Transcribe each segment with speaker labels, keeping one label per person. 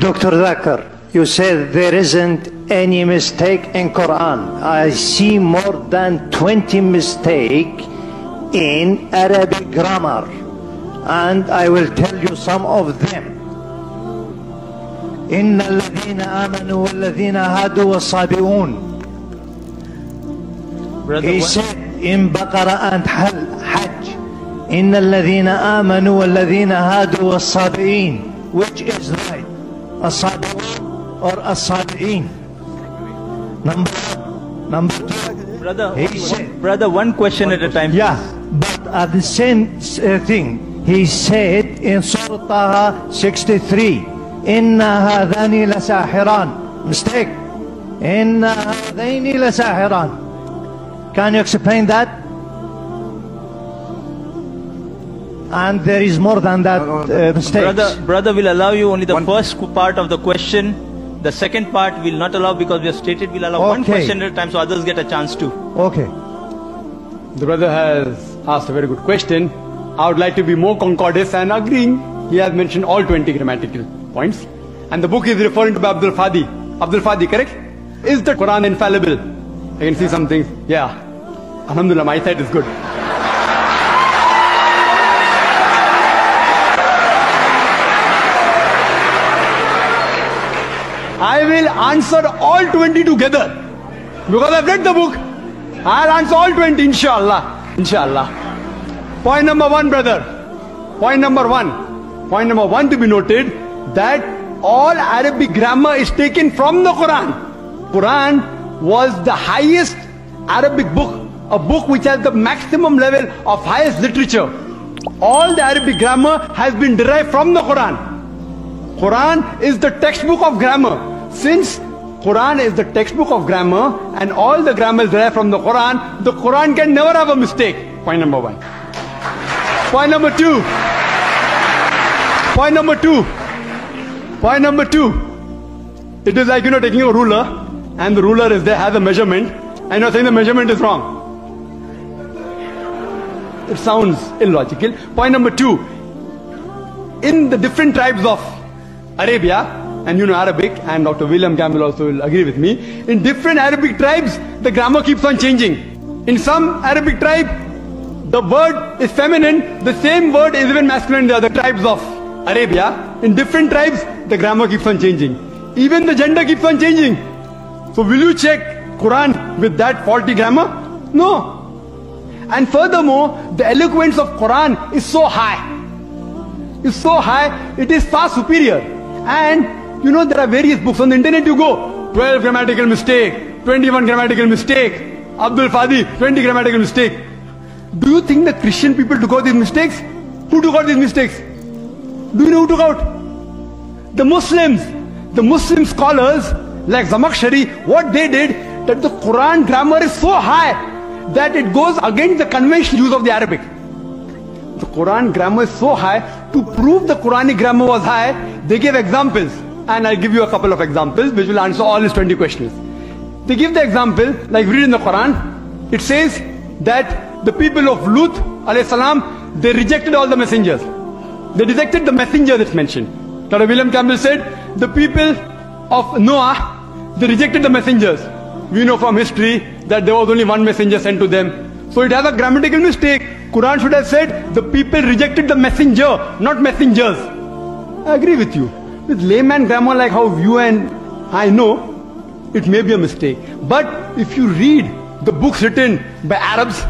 Speaker 1: Dr. Dakar, you said there isn't any mistake in Quran. I see more than 20 mistake in Arabic grammar and I will tell you some of them. إن الذين آمنوا والذين هادوا والصابئون Brother, He said in Baqarah and Hajj إن الذين آمنوا والذين هادوا والصابئين which is right Asad or असादीन number number two.
Speaker 2: brother said,
Speaker 1: brother one question one at a time yeah but at the same uh, thing he said in surah 63 inna hadhani lasahiran mistake inna hadhani lasahiran can you explain that And there is more than that uh, Brother,
Speaker 2: brother will allow you only the one. first part of the question. The second part will not allow because we have stated we'll allow okay. one question at a time so others get a chance too. Okay. The brother has asked a very good question. I would like to be more concordant and agreeing. He has mentioned all 20 grammatical points. And the book is referring to Abdul Fadi. Abdul Fadi, correct? Is the Quran infallible? I can see something. Yeah. Alhamdulillah, my side is good. I will answer all 20 together. Because I've read the book. I'll answer all 20, inshallah. Inshallah. Point number one, brother. Point number one. Point number one to be noted that all Arabic grammar is taken from the Quran. Quran was the highest Arabic book, a book which has the maximum level of highest literature. All the Arabic grammar has been derived from the Quran. Quran is the textbook of grammar. Since Quran is the textbook of grammar and all the grammar is derived from the Quran, the Quran can never have a mistake. Point number one. Point number two. Point number two. Point number two. It is like you know taking a ruler and the ruler is there has a measurement and you're saying the measurement is wrong. It sounds illogical. Point number two. In the different tribes of Arabia, and you know Arabic, and Dr. William Campbell also will agree with me, in different Arabic tribes, the grammar keeps on changing. In some Arabic tribe, the word is feminine, the same word is even masculine in the other tribes of Arabia. In different tribes, the grammar keeps on changing. Even the gender keeps on changing. So will you check Quran with that faulty grammar? No. And furthermore, the eloquence of Quran is so high. It's so high, it is far superior. And you know there are various books on the internet you go. 12 grammatical mistake, 21 grammatical mistake, Abdul Fadi, 20 grammatical mistake. Do you think the Christian people took out these mistakes? Who took out these mistakes? Do you know who took out? The Muslims. The Muslim scholars like Zamakshari, what they did that the Quran grammar is so high that it goes against the conventional use of the Arabic. The Quran grammar is so high, to prove the Quranic grammar was high, they gave examples and I'll give you a couple of examples which will answer all these 20 questions. They give the example, like read in the Quran, it says that the people of Lut salam, they rejected all the messengers. They rejected the messenger that's mentioned. Dr. William Campbell said, the people of Noah, they rejected the messengers. We know from history that there was only one messenger sent to them. So it has a grammatical mistake. Quran should have said, the people rejected the messenger, not messengers. I agree with you. With layman grammar like how you and I know, it may be a mistake. But if you read the books written by Arabs,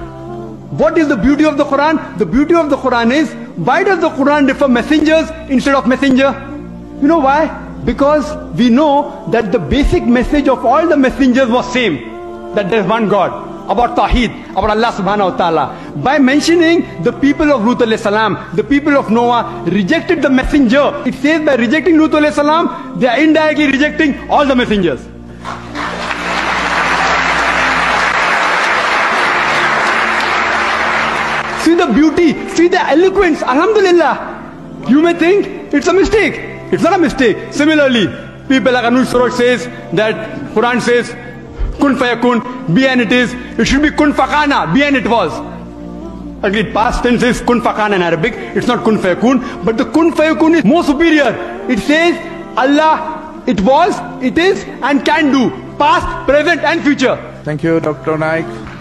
Speaker 2: what is the beauty of the Quran? The beauty of the Quran is, why does the Quran refer messengers instead of messenger? You know why? Because we know that the basic message of all the messengers was same, that there is one God about Tawheed, about Allah subhanahu wa ta'ala. By mentioning the people of Lut alayhi salam, the people of Noah rejected the messenger. It says by rejecting Lut alayhi salam, they are indirectly rejecting all the messengers. See the beauty, see the eloquence, Alhamdulillah. You may think it's a mistake. It's not a mistake. Similarly, people like Anush Saroj says that Quran says Kun fayakun, be and it is. It should be kun fakana, be and it was. Again, past tense is kun fakana in Arabic. It's not kun fayakun. But the kun fayakun is more superior. It says Allah, it was, it is, and can do. Past, present, and future. Thank you, Dr. Naik.